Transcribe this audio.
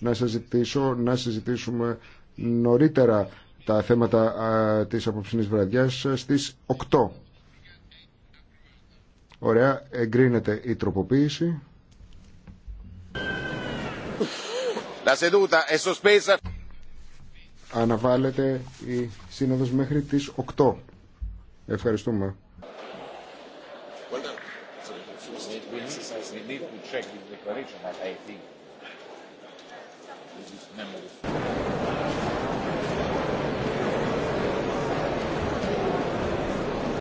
να σας ζητήσω να συζητήσουμε νωρίτερα τα θέματα της απόψινής βραδιάς στις 8. Ωραία, εγκρίνεται η τροποποίηση. La seduta è sospesa. Αναβάλλεται η σύνοδος μέχρι τις 8. Ευχαριστούμε. Ευχαριστώ.